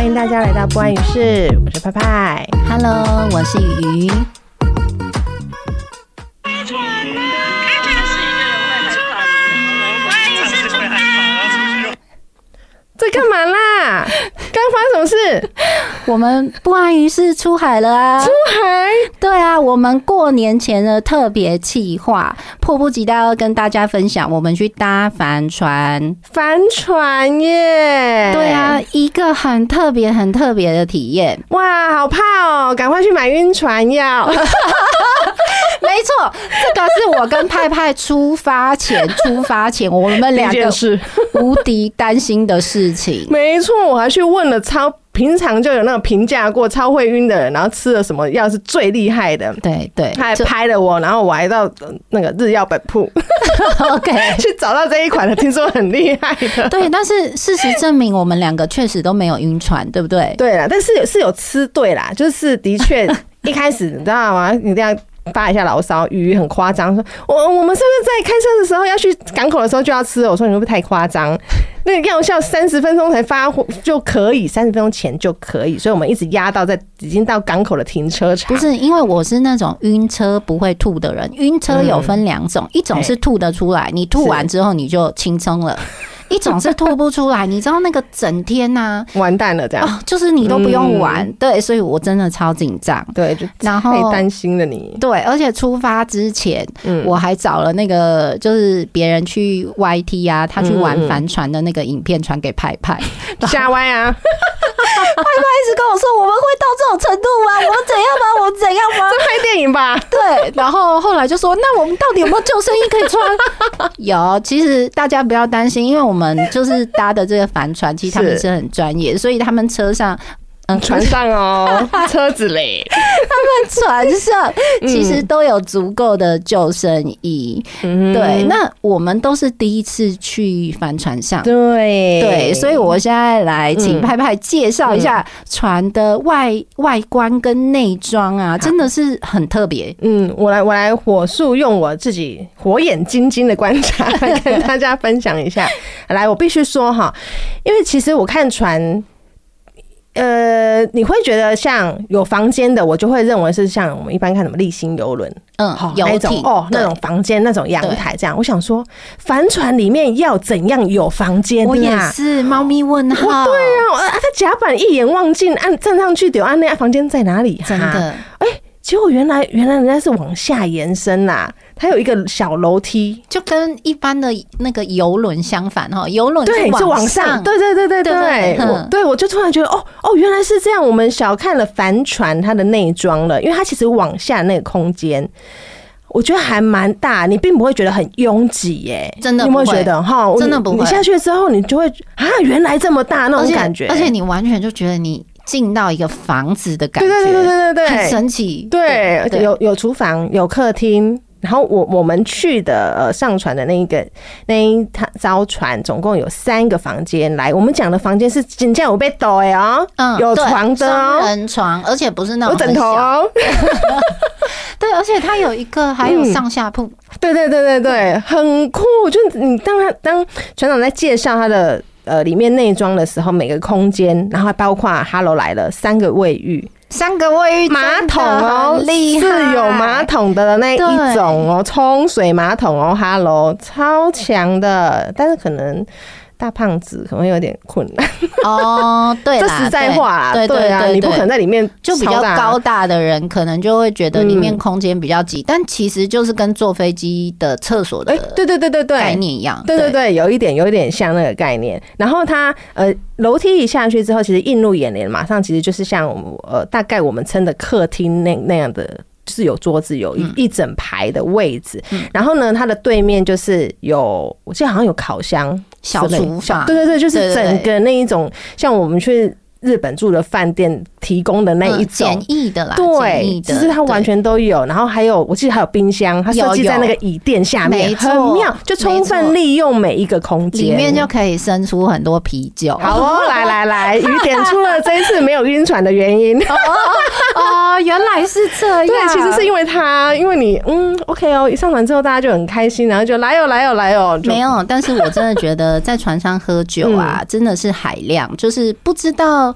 歡迎大家來到不安於室，我是派派，Hello，我是魚魚。在幹嘛啦？ 剛發生什麼事？我們不安於室出海了啊！出海，對啊，我們過年前的特別企劃，迫不及待要跟大家分享。我們去搭帆船，帆船耶！對啊，一個很特別、很特別的體驗。哇，好怕哦！趕快去買暈船藥。 沒錯，這個是我跟派派出發前， 出發前我們兩個是無敵擔心的事情。 沒錯，我還去問了超，平常就有那個評價過超會暈的人，然後吃了什麼藥是最厲害的。對，對對，他還拍了我，然後我還到那個日藥本鋪 ，OK， 去找到這一款的，聽說很厲害的。 對，但是事實證明，我們兩個確實都沒有暈船，對不對？對啦，但是是有吃對啦，就是的確 一開始你知道嗎？你這樣。發一下牢騷，魚很誇張，說我我們是不是在開車的時候要去港口的時候就要吃？我說你會不會太誇張？那個藥效三十分鐘才發就可以，三十分鐘前就可以，所以我們一直壓到在已經到港口的停車場。不是因為我是那種暈車不會吐的人，暈車有分兩種、嗯，一種是吐得出來，你吐完之後你就輕鬆了。 一種是吐不出來，你知道那個整天吶、啊，完蛋了這樣、哦，就是你都不用玩，嗯、對，所以我真的超緊張，對，然後太擔心了你，對，而且出發之前，嗯、我還找了那個就是別人去 YT 啊，他去玩帆船的那個影片傳給拍拍，嚇、嗯、歪、嗯、啊， 拍拍一直跟我說我們會到這種程度嗎？我們怎樣嗎？我們怎樣嗎？在拍電影吧，對，然後後來就說那我們到底有沒有救生衣可以穿？ 有，其實大家不要擔心，因為我們。 我們就是搭的這個帆船，其實他們是很專業，所以他們車上。船上哦， 車子嘞雷笑，他們船上其實都有足夠的救生衣、嗯。對，那我們都是第一次去帆船上，對對，所以我現在來請拍拍介紹一下船的外、嗯、外觀跟內裝啊、嗯，真的是很特別。嗯，我來我來火速用我自己火眼金睛的觀察 跟大家分享一下。來，我必須說哈，因為其實我看船。呃，你會覺得像有房間的，我就會認為是像我們一般看什麼麗星郵輪，嗯，好、哦，那種哦，那種房間，那種陽台這樣。我想說，帆船裡面要怎樣有房間、啊？我也是，貓咪問號，哦、對呀、啊，啊，它甲板一眼望盡，按站上去，對按那家房間在哪裡、啊？真的，哎、欸，結果原來原來人家是往下延伸吶、啊。它有一個小樓梯，就跟一般的那個郵輪相反哈，郵輪是，是往上，對對對對對，對，對，對我對，我就突然覺得哦哦，原來是這樣，我們小看了帆船它的內裝了，因為它其實往下那個空間，我覺得還蠻大，你並不會覺得很擁擠耶，真的，你有沒有覺得哈？真的不會，你有有的不會你，你下去之後你就會啊，原來這麼大那種感覺而，而且你完全就覺得你進到一個房子的感覺，對對對對對，對，對，很神奇，對，對對對有有廚房，有客廳。然後我我們去的呃，上船的那一個那一趟艘船總共有三個房間，來我們講的房間是真正有被抖哦、嗯、有床的哦，雙人床，而且不是那種有枕頭、哦， 對，而且它有一個還有上下鋪、嗯，對對對對對，對，很酷，就你當他當船長在介紹他的。呃，裡面內裝的時候，每個空間，然後還包括哈嘍來了三個衛浴，三個衛浴馬桶哦，真的，是有馬桶的那一種哦，沖水馬桶哦，哈嘍超強的，但是可能。大胖子，可能有點困難哦，oh，對， 這實在話，啊。對對，對，對，對對啊，你不可能在裡面、啊，就比較高大的人，可能就會覺得裡面空間比較擠，但其實就是跟坐飛機的廁所的。對對對，概念一樣，欸，對對對，對，有一點有一點像那個概念。然後它呃，樓梯一下去之後，其實映入眼簾，馬上其實就是像我們呃，大概我們稱的客廳那那樣的。是有桌子，有一一整排的位置。然後呢，它的對面就是有，我記得好像有烤箱、小廚房。對對對，就是整個那一種，像我們去日本住的飯店提供的那一種簡易的啦。對，只是它完全都有。然後還有，我記得還有冰箱，它設計在那個椅墊下面，很妙，就充分利用每一個空間、嗯嗯，裡面就可以生出很多啤酒、哦。好，來來來， 雨點出了這一次沒有暈船的原因。哦。原來是這樣。啊、對，其實是因為他，因為你，嗯，OK 哦，一上船之後大家就很開心，然後就來哦，來哦，來哦。沒有，但是我真的覺得在船上喝酒啊， 嗯、真的是海量，就是不知道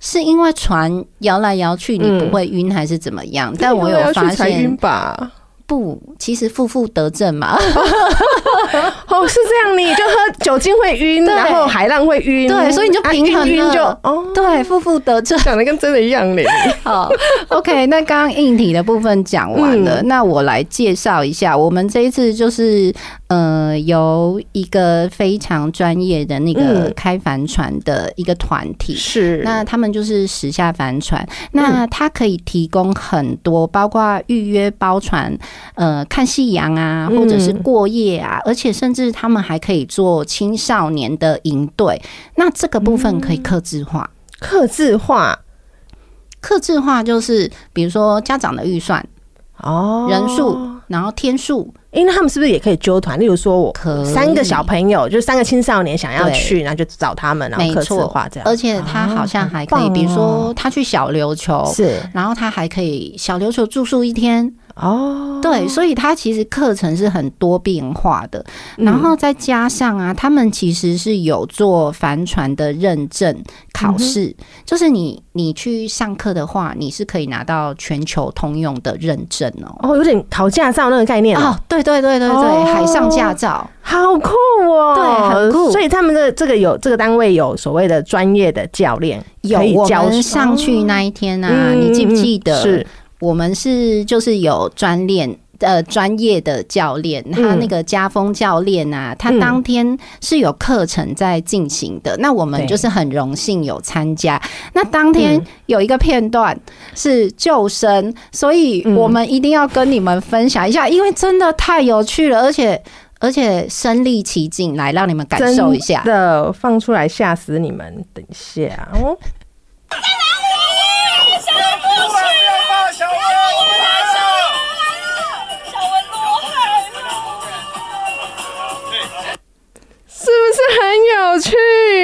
是因為船搖來搖去你不會暈還是怎麼樣。嗯、但我有發現。暈吧？不，其實負負得正嘛。 眼睛會暈，然後海浪會暈，對，所以你就平衡、啊、暈暈就哦，對，負負得正，講得跟真的一樣嘞 。好，OK，那剛剛硬體的部分講完了、嗯，那我來介紹一下，我們這一次就是呃，由一個非常專業的那個開帆船的一個團體，是、嗯、那他們就是時下帆船、嗯，那他可以提供很多，包括預約包船，呃，看夕陽啊，或者是過夜啊、嗯，而且甚至他們還可以做。青少年的營隊，那這個部分可以客製化，客、嗯、製化，客製化就是比如說家長的預算哦，人數，然後天數，因、欸、為他們是不是也可以揪團？例如說我三個小朋友，就是三個青少年想要去，然後就找他們，然後客製化這樣。沒錯，而且他好像還可以，哦、比如說他去小琉球、哦，是，然後他還可以小琉球住宿一天。哦、oh,，對，所以他其實課程是很多變化的、嗯，然後再加上啊，他們其實是有做帆船的認證考試，嗯、就是你你去上課的話，你是可以拿到全球通用的認證哦。哦、oh,，有點考駕照那個概念哦。對、oh, 對對對對，oh, 海上駕照，oh, 好酷哦！對，很酷。所以他們的、這個、這個有這個單位有所謂的專業的教練，可以教有我們上去那一天啊，嗯、你記不記得？是。我們是就是有專練、呃、專業的教練，他那個家風教練啊，嗯、他當天是有課程在進行的，嗯。那我們就是很榮幸有參加。那當天有一個片段是救生、嗯，所以我們一定要跟你們分享一下，嗯，因為真的太有趣了，而且而且身歷其境來讓你們感受一下的，我放出來嚇死你們！等一下，哦。 我去，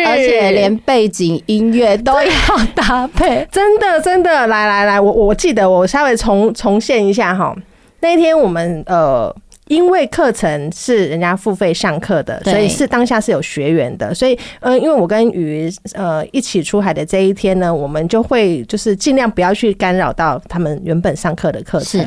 而且連背景音樂都要搭配，真的真的，來來來，我我記得，我稍微重重現一下哈。那一天我們呃，因為課程是人家付費上課的，所以是當下是有學員的，所以嗯、呃，因為我跟魚呃一起出海的這一天呢，我們就會就是盡量不要去干擾到他們原本上課的課程，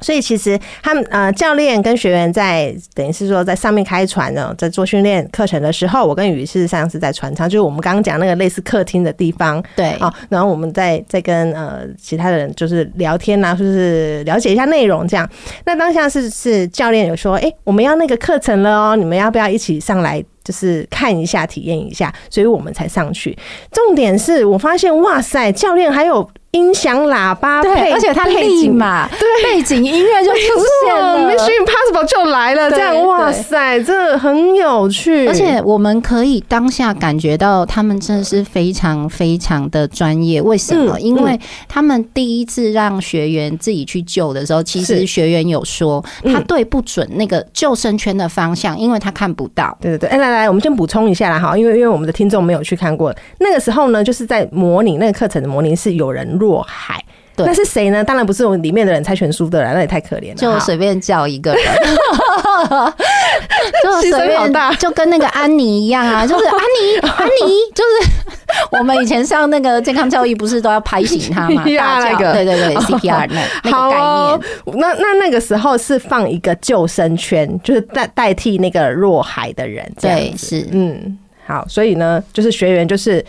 所以其實他們呃，教練跟學員在等於是說在上面開船呢，在做訓練課程的時候，我跟雨是上次在船艙，就是我們剛剛講那個類似客廳的地方，對啊，哦，然後我們在在跟呃其他的人就是聊天啊，就是了解一下內容這樣。那當下是是教練有說，欸，我們要那個課程了喔，你們要不要一起上來就是看一下體驗一下？所以我們才上去。重點是我發現，哇塞，教練還有。音響喇叭配對，而且它，背景嘛，對，背景音樂就出現了 Mission Impossible 就來了，這樣哇塞，這很有趣。而且我們可以當下感覺到他們真的是非常非常的專業。為什麼、嗯？因為他們第一次讓學員自己去救的時候，嗯、其實學員有說，他對不准那個救生圈的方向，嗯、因為他看不到。對對對，哎、欸，來來，我們先補充一下啦，好，因為因為我們的聽眾沒有去看過那個時候呢，就是在模擬那個課程的模擬是有人。若海，那是誰呢？當然不是我裡面的人猜拳輸的人，那也太可憐了。就隨便叫一個人， 就隨便，吧，就跟那個安妮一樣啊，就是安妮， 安妮， 就是我們以前上那個健康教育不是都要拍醒他嗎？ 啊那個、對對對，CPR 那好，那個概念好哦、那,那那個時候是放一個救生圈，就是代代替那個若海的人，對是。嗯，好，所以呢，就是學員就是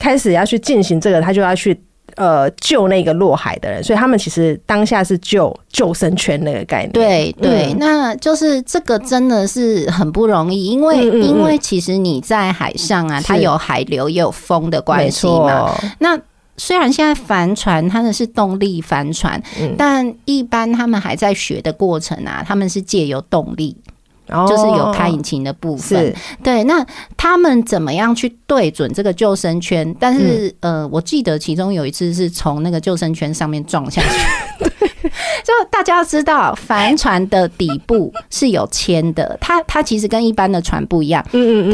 開始要去進行這個，他就要去。呃，救那個落海的人，所以他們其實當下是救救生圈那個概念。對對、對、嗯，那就是這個真的是很不容易，因為嗯嗯嗯因為其實你在海上啊，它有海流也有風的關係嘛。那雖然現在帆船它們是動力帆船、嗯，但一般他們還在學的過程啊，他們是借由動力。就是有開引擎的部分、哦，對，那他們怎麼樣去對準這個救生圈？但是，嗯、呃，我記得其中有一次是從那個救生圈上面撞下去。 就大家要知道，帆船的底部是有鉛的，它它其實跟一般的船不一樣，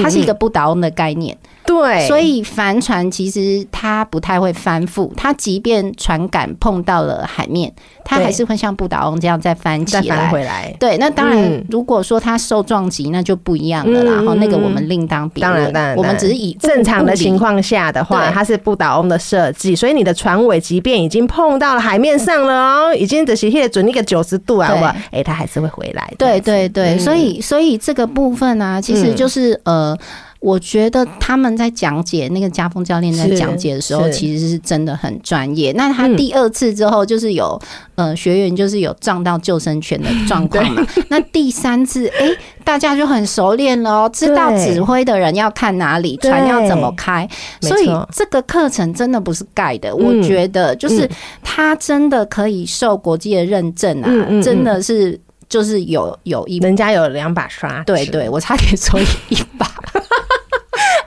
它是一個不倒翁的概念。嗯嗯嗯嗯對，所以帆船其實它不太會翻覆，它即便船杆碰到了海面，它還是會像不倒翁這樣再翻起來。對，回來對，那當然，如果說它受撞擊，那就不一樣的啦、嗯。然後那個我們另當別論、嗯、當然，當然，我們只是以正常的情況下的話，它是不倒翁的設計，所以你的船尾即便已經碰到了海面上了、喔嗯，已經的斜貼準一個九十度啊，對吧？哎、欸，它還是會回來。對對對，嗯、所以所以這個部分呢、啊，其實就是、嗯、呃。我覺得他們在講解那個家風教練在講解的時候，其實是真的很專業。那他第二次之後，就是有、嗯、呃學員就是有撞到救生圈的狀況嘛。那第三次，哎、 欸，大家就很熟練嘍，知道指揮的人要看哪裡，船要怎麼開。所以這個課程真的不是蓋的，我覺得就是他真的可以受國際的認證啊，嗯嗯嗯嗯，真的是就是有有一人家有兩把刷，對，對對，我差點說一把。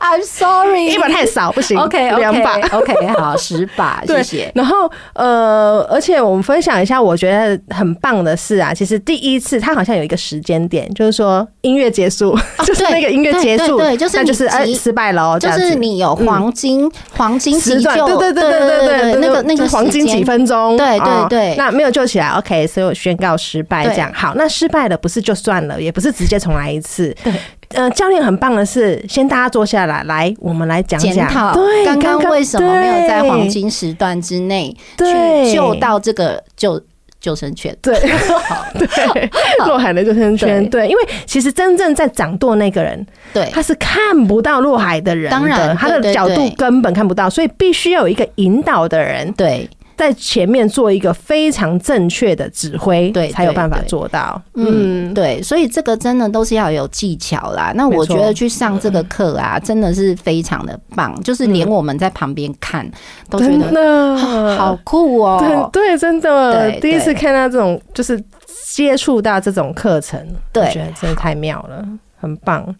I'm sorry，一把太少不行。OK，兩、okay, 把、okay,。OK，好，十 把，謝謝。然後呃，而且我們分享一下，我覺得很棒的事啊。其實第一次，它好像有一個時間點，就是說音樂結束，哦、 就是那個音樂結束對對對對，那就是哎、呃，失敗了哦。就是你有黃金、嗯、黃金時段，對對對對對對,對,對，那個那個黃金幾分鐘、哦，對對對，那沒有救起來，OK，所以我宣告失敗這樣。好，那失敗了不是就算了，也不是直接重來一次。對。嗯呃，教練很棒的是，先大家坐下來，來我們來講講，剛剛為什麼沒有在黃金時段之內去救到這個救救生，救生圈？對，對，落海的救生圈。對，因為其實真正在掌舵那個人，對，他是看不到落海的人的，當然他的角度根本看不到，對對對對，所以必須要有一個引導的人，對。在前面做一個非常正確的指揮，對，才有辦法做到，嗯對對對。嗯，對，所以這個真的都是要有技巧啦。那我覺得去上這個課啊，真的是非常的棒，就是連我們在旁邊看、嗯、都覺得真的好酷哦、喔。對，對真的對對對第一次看到這種，就是接觸到這種課程，對，我覺得真的太妙了，很棒。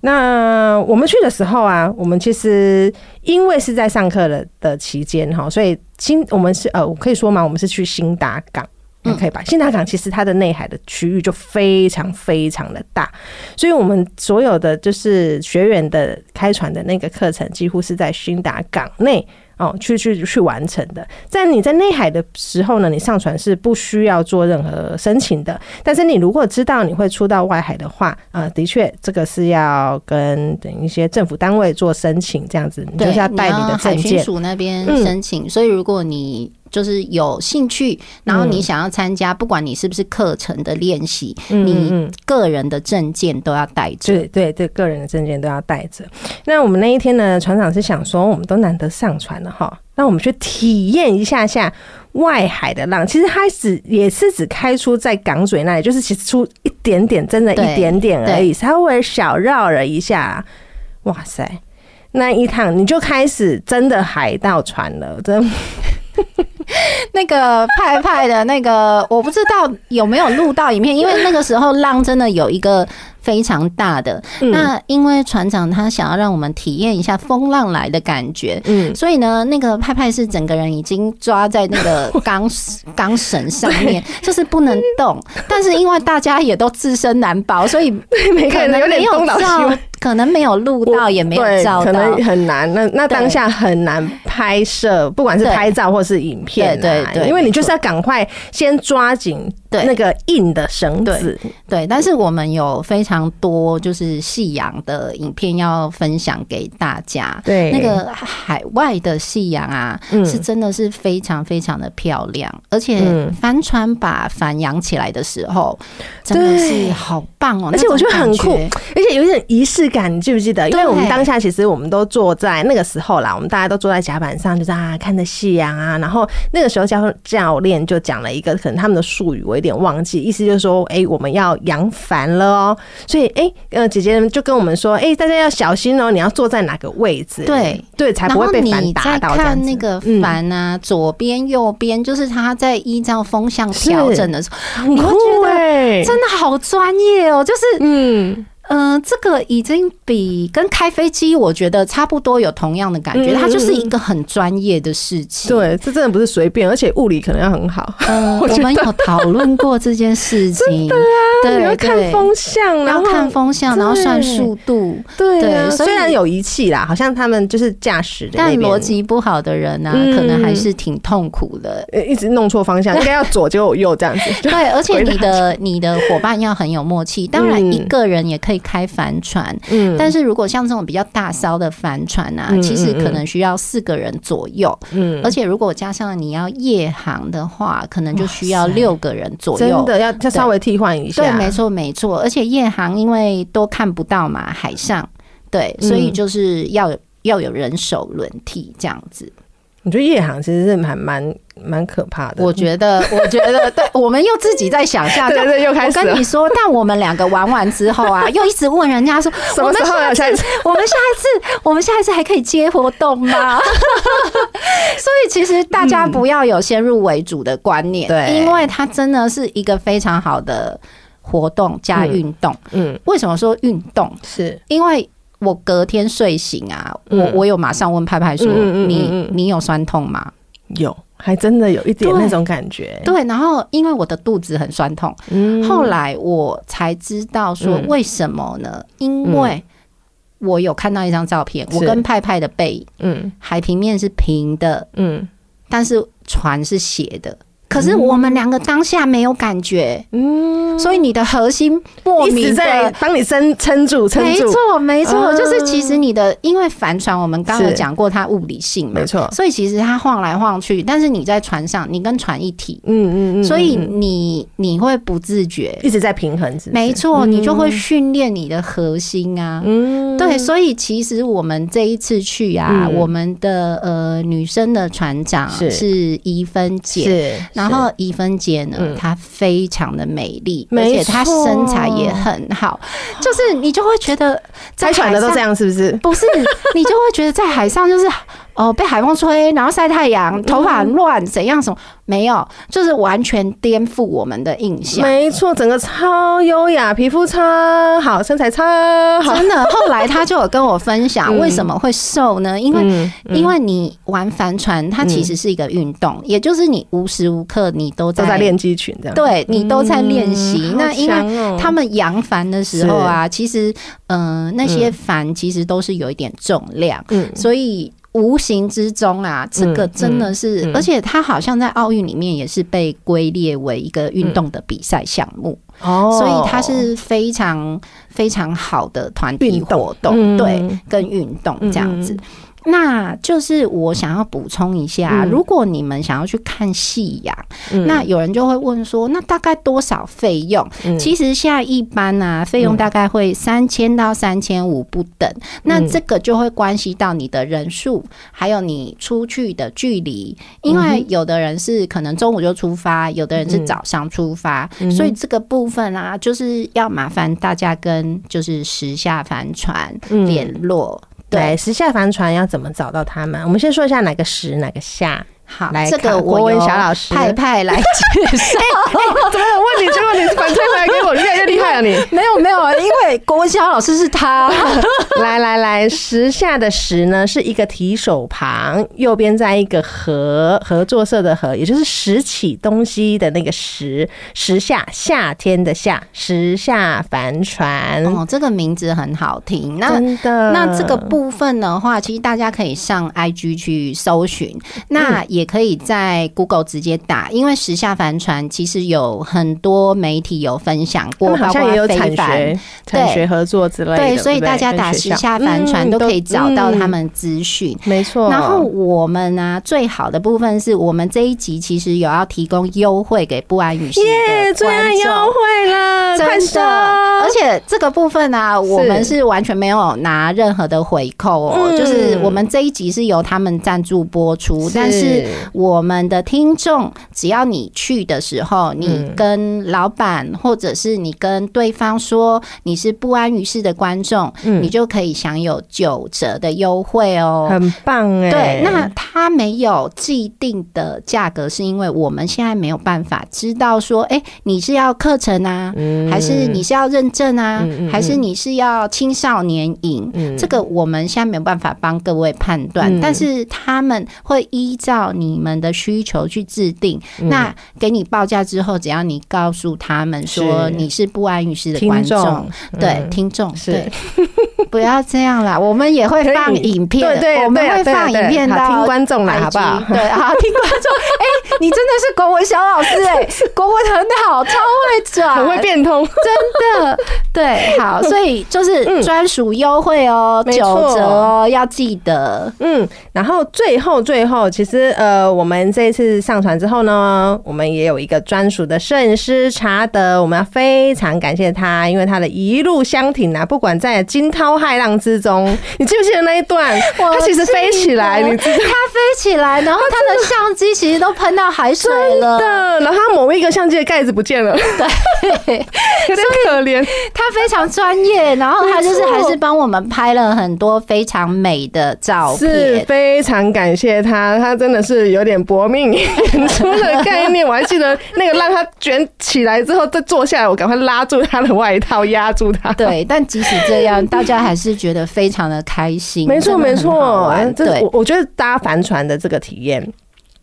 那我們去的時候啊，我們其實因為是在上課的的期間哈，所以新我們是呃，我可以說嘛，我們是去興達港，可以吧？嗯、興達港其實它的內海的區域就非常非常的大，所以我們所有的就是學員的開船的那個課程，幾乎是在興達港內。哦，去去去完成的。在你在內海的時候呢，你上船是不需要做任何申請的。但是你如果知道你會出到外海的話，呃，的確這個是要跟等一些政府單位做申請，這樣子你就是要帶你的證件。海巡署那邊申請，嗯。所以如果你就是有興趣，然後你想要參加，嗯，不管你是不是課程的練習，嗯，你個人的證件都要帶着。對對對，個人的證件都要帶着。那我們那一天呢，船長是想說，我們都難得上船了哈，那我們去體驗一下下外海的浪。其實開始也是只開出在港嘴那裡，就是其實出一點點，真的，一點點而已，稍微小繞了一下。哇塞，那一趟你就開始真的海盜船了，真。 那個派派的那個，我不知道有沒有錄到影片，因為那個時候浪真的有一個非常大的、嗯、那，因為船長他想要讓我們體驗一下風浪來的感覺，嗯，所以呢，那個派派是整個人已經抓在那個鋼鋼繩上面，就是不能動。 但是因為大家也都自身難保，所以可能沒有照，可能沒有錄到，也沒照到，可能很難。那那當下很難拍攝，不管是拍照或是影片。啊，對對，對，對，因為你就是要趕快先抓緊那個硬的繩子對對，對。但是我們有非常。非常多，就是夕陽的影片要分享給大家。對，那個海外的夕陽啊，是真的是非常非常的漂亮，嗯，而且帆船把帆揚起來的時候，真的是好棒哦，喔！而且我覺得很酷，而且有一點儀式感。你記不記得？因為我們當下其實我們都坐在那個時候啦，我們大家都坐在甲板上，就是啊看着夕陽啊。然後那個時候教教練就講了一個可能他們的術語，我有點忘記，意思就是說，哎，欸，我們要揚帆了哦，喔。所以，哎、欸，呃，姐姐就跟我們說，哎、欸，大家要小心哦、喔，你要坐在哪個位置？對對，才不會被帆打到這樣子，然後你在看那個帆啊，嗯、左邊右邊，就是他在依照風向調整的時候，你會、欸、覺得真的好專業哦、喔，就是嗯。嗯、呃，這個已經比跟開飛機，我覺得差不多有同樣的感覺。嗯、它就是一個很專業的事情。對，這真的不是隨便，而且物理可能要很好。嗯、呃，我們有討論過這件事情。 啊，對，對,對，要看風向，要看風向，然後算速度。對，對、啊、對，雖然有儀器啦，好像他們就是駕駛，但邏輯不好的人呢、啊嗯，可能還是挺痛苦的。嗯、一直弄錯方向，應該要左就右這樣子。 對，而且你的 你的夥伴要很有默契。當然，一個人也可以。會開帆船，嗯，但是如果像這種比較大艘的帆船啊，嗯，其實可能需要四個人左右，嗯，嗯，而且如果加上你要夜航的話，可能就需要六個人左右，真的要要稍微替換一下，對，對，沒錯，沒錯，而且夜航因為都看不到嘛，海上，對，所以就是要有要有人手輪替這樣子。我覺得夜航其實是蠻蠻蠻可怕的。我覺得，我覺得，對我們又自己在想象，就 是又開始我跟你說。但我們兩個玩完之後啊，又一直問人家說：“什麼時候、啊、要下一次？ 我們下一次，我們下一次還可以接活動嗎？” 所以，其實大家不要有先入為主的觀念，對，因為它真的是一個非常好的活動加運動嗯。嗯，為什麼說運動？是因為。我隔天睡醒啊，我我有馬上問派派說：“嗯、你你有酸痛嗎？”有，還真的有一點那種感覺。對，對然後因為我的肚子很酸痛、嗯，後來我才知道說為什麼呢？嗯、因為我有看到一張照片、嗯，我跟派派的背影，嗯，海平面是平的，嗯，但是船是斜的。可是我們兩個當下沒有感覺，嗯，所以你的核心、嗯、一直在幫你撐撐住，撐住，沒錯，沒錯，嗯、就是其實你的因為帆船，我們剛剛有講過它物理性，沒錯，所以其實它晃來晃去，但是你在船上，你跟船一體，嗯嗯嗯，所以你你會不自覺一直在平衡是，沒錯、嗯，你就會訓練你的核心啊，嗯，對，所以其實我們這一次去啊，嗯、我們的呃女生的船長是怡芬姐，然後怡芬姐呢，她非常的美麗、嗯，而且她身材也很好，就是你就會覺得在海，海的都這樣，是不是？不是， 你就會覺得在海上就是。哦，被海風吹，然後曬太陽，頭髮亂、嗯，怎樣？什麼沒有？就是完全顛覆我們的印象。沒錯，整個超優雅，皮膚超好，身材超好。真的，後來他就有跟我分享為什麼會瘦呢？ 嗯、因為、嗯，因為你玩帆船，它其實是一個運動、嗯，也就是你無時無刻你都在都在練肌群，對，你都在練習、嗯。那因為他們揚帆的時候啊，哦、其實，嗯、呃，那些帆其實都是有一點重量，嗯，所以。無形之中啊，這個真的是，嗯嗯、而且它好像在奧運裡面也是被歸列為一個運動的比賽項目、嗯，所以它是非常非常好的團體活動，運動，對，嗯、跟運動這樣子。那就是我想要補充一下、嗯，如果你們想要去看夕陽、嗯，那有人就會問說，那大概多少費用、嗯？其實現在一般呢、啊，費用大概會三千到三千五不等、嗯。那這個就會關係到你的人數，還有你出去的距離、嗯，因為有的人是可能中午就出發，有的人是早上出發，嗯、所以這個部分啊，就是要麻煩大家跟就是時下帆船聯絡。嗯嗯對，時下帆船要怎麼找到他們？我們先說一下哪個時，哪個下。好，這個我問小老師派派來解釋。哎、這個 欸欸，怎麼有問結果你，就問你，反正沒給我，越來越厲害了、啊，你沒有沒有，啊，因為郭文祥老師是他。來 來來，拾夏的拾呢是一個提手旁，右邊在一個合合作社的合，也就是拾起東西的那個拾。拾夏，夏天的夏，拾夏帆船。哦，這個名字很好聽。那那這個部分的話，其實大家可以上 IG 去搜尋。那也、嗯。也可以在 Google 直接打，因為時下帆船其實有很多媒體有分享過，們好像也有產學對、產學合作之類的。對，所以大家打時下帆船都可以找到他們資訊、嗯嗯，沒錯。然後我們呢、啊，最好的部分是我們這一集其實有要提供優惠給不安於室的觀眾，耶，最愛優惠了真的。而且這個部分呢、啊，我們是完全沒有拿任何的回扣哦，嗯、就是我們這一集是由他們贊助播出，是但是。我們的聽眾，只要你去的時候，你跟老闆或者是你跟對方說你是不安於室的觀眾、嗯，你就可以享有九折的優惠哦、喔，很棒哎、欸。對，那。他沒有既定的價格，是因為我們現在沒有辦法知道說，誒、欸，你是要課程啊，還是你是要認證啊，嗯、還是你是要青少年營、嗯、這個我們現在沒有辦法幫各位判斷、嗯，但是他們會依照你們的需求去制定。嗯、那給你報價之後，只要你告訴他們說你是不安於室的觀眾，對，嗯、聽眾，對。是 不要這樣了，我們也會放影片，對對，對，對我們會放影片對對對對，好，聽觀眾來，好不好？對，好聽觀眾，哎，你真的是國文小老師哎、欸，國文很好，超會轉， 很會變通，真的，對，好，所以就是專屬優惠哦、喔嗯，九折哦，要記得，嗯，然後最後最後，其實呃，我們這一次上傳之後呢，我們也有一個專屬的攝影師查德，我們要非常感謝他，因為他的一路相挺啊，不管在驚濤。海浪之中，你記不記得那一段？他其實飛起來，你知道？他飛起來，然後他的相機其實都噴到海水了。對，然後他某一個相機的蓋子不見了。對，有點可憐。他非常專業，然後他就是還是幫我們拍了很多非常美的照片。非常感謝他，他真的是有點搏命演出的概念。我還記得那個浪他捲起來之後，再坐下來，我趕快拉住他的外套壓住他。對，但即使這樣，大家還還是覺得非常的開心，沒錯沒錯，對，我、啊、我覺得搭帆船的這個體驗，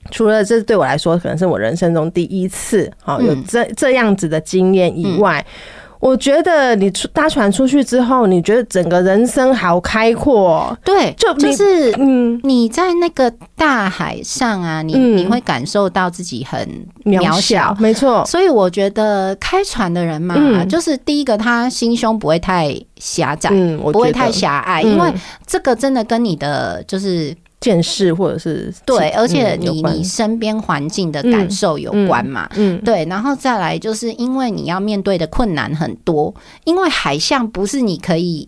除了這對我來說可能是我人生中第一次，好有這這樣子的經驗以外。嗯嗯我覺得你出搭船出去之後，你覺得整個人生好開闊喔，對，就就是，嗯，你在那個大海上啊，嗯，你你會感受到自己很渺小，渺小，沒錯。所以我覺得開船的人嘛，嗯，就是第一個他心胸不會太狹窄，嗯，不會太狹隘，因為這個真的跟你的就是。見識或者是對，而且你、嗯、你身邊環境的感受有關嘛嗯？嗯，對，然後再來就是因為你要面對的困難很多，因為海象不是你可以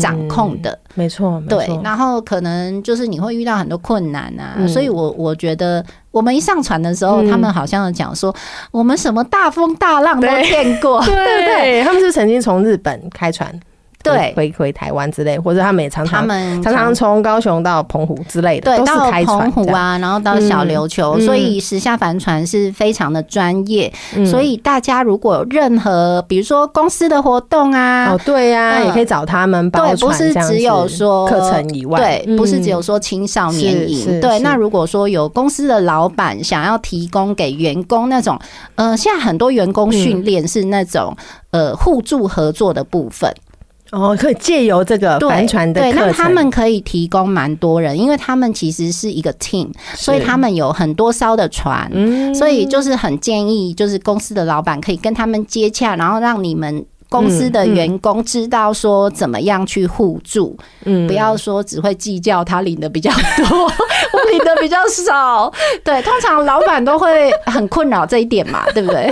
掌控的，沒、嗯、錯，對沒沒。然後可能就是你會遇到很多困難啊，嗯、所以我我覺得我們一上船的時候，嗯、他們好像有講說我們什麼大風大浪都見過，對， 對， 對不對？他們是，是曾經從日本開船。對，回回台灣之類，或者他們也常常常常從高雄到澎湖之類的，對，到澎湖啊，然後到小琉球，嗯、所以時下帆船是非常的專業、嗯。所以大家如果，任何，如、啊嗯、家如果任何，比如說公司的活動啊，哦對那、啊呃、也可以找他們包船這樣子，對，不是只有說課程以外，對，不是只有說，、嗯、只有說青少年營。對，那如果說有公司的老闆想要提供給員工那種，呃，現在很多員工訓練是那種、嗯、呃互助合作的部分。哦，可以借由這個帆船的課程,對，那他們可以提供蠻多人，因為他們其實是一個 team，所以他們有很多艘的船、嗯，所以就是很建議，就是公司的老板可以跟他們接洽，然後讓你們公司的員工知道說怎麼樣去互助，嗯嗯、不要說只會計較他領的比較多，嗯、 我領的比較少， 對，通常老板都會很困擾這一點嘛，對不對？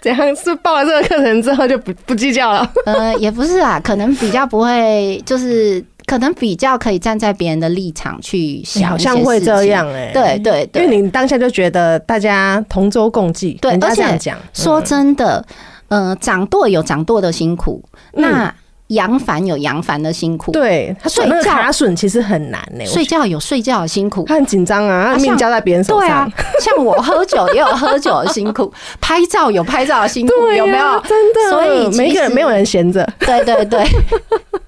怎樣是報了這個課程之後就不不計較了？呃，也不是啊，可能比較不會，就是可能比較可以站在別人的立場去想，好像會這樣哎、欸，對，對對，因為你當下就覺得大家同舟共濟，對，這樣而且講、嗯、說真的，呃，掌舵有掌舵的辛苦，那，嗯揚帆有揚帆的辛苦，對，他睡覺卡榫其實很難呢、欸。睡覺有睡覺的辛苦，他很緊張啊，他命交在別人手上。啊像，啊、 像我喝酒也有喝酒的辛苦， 拍照有拍照的辛苦，對，啊，有沒有？真的，所以每一個人沒有人閒着。對對對，對。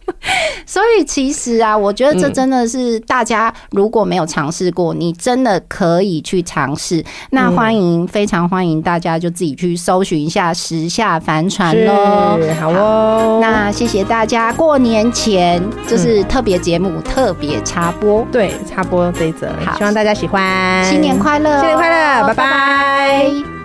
所以其實啊，我覺得這真的是大家如果沒有嘗試過、嗯，你真的可以去嘗試。那歡迎、嗯，非常歡迎大家就自己去搜尋一下“時下帆船”囉哦。好哦，那謝謝大家過年前，就是特別節目，嗯、特別插播。對，插播這一則，希望大家喜歡。新年快樂、哦，新年快樂，拜拜。拜拜。拜拜。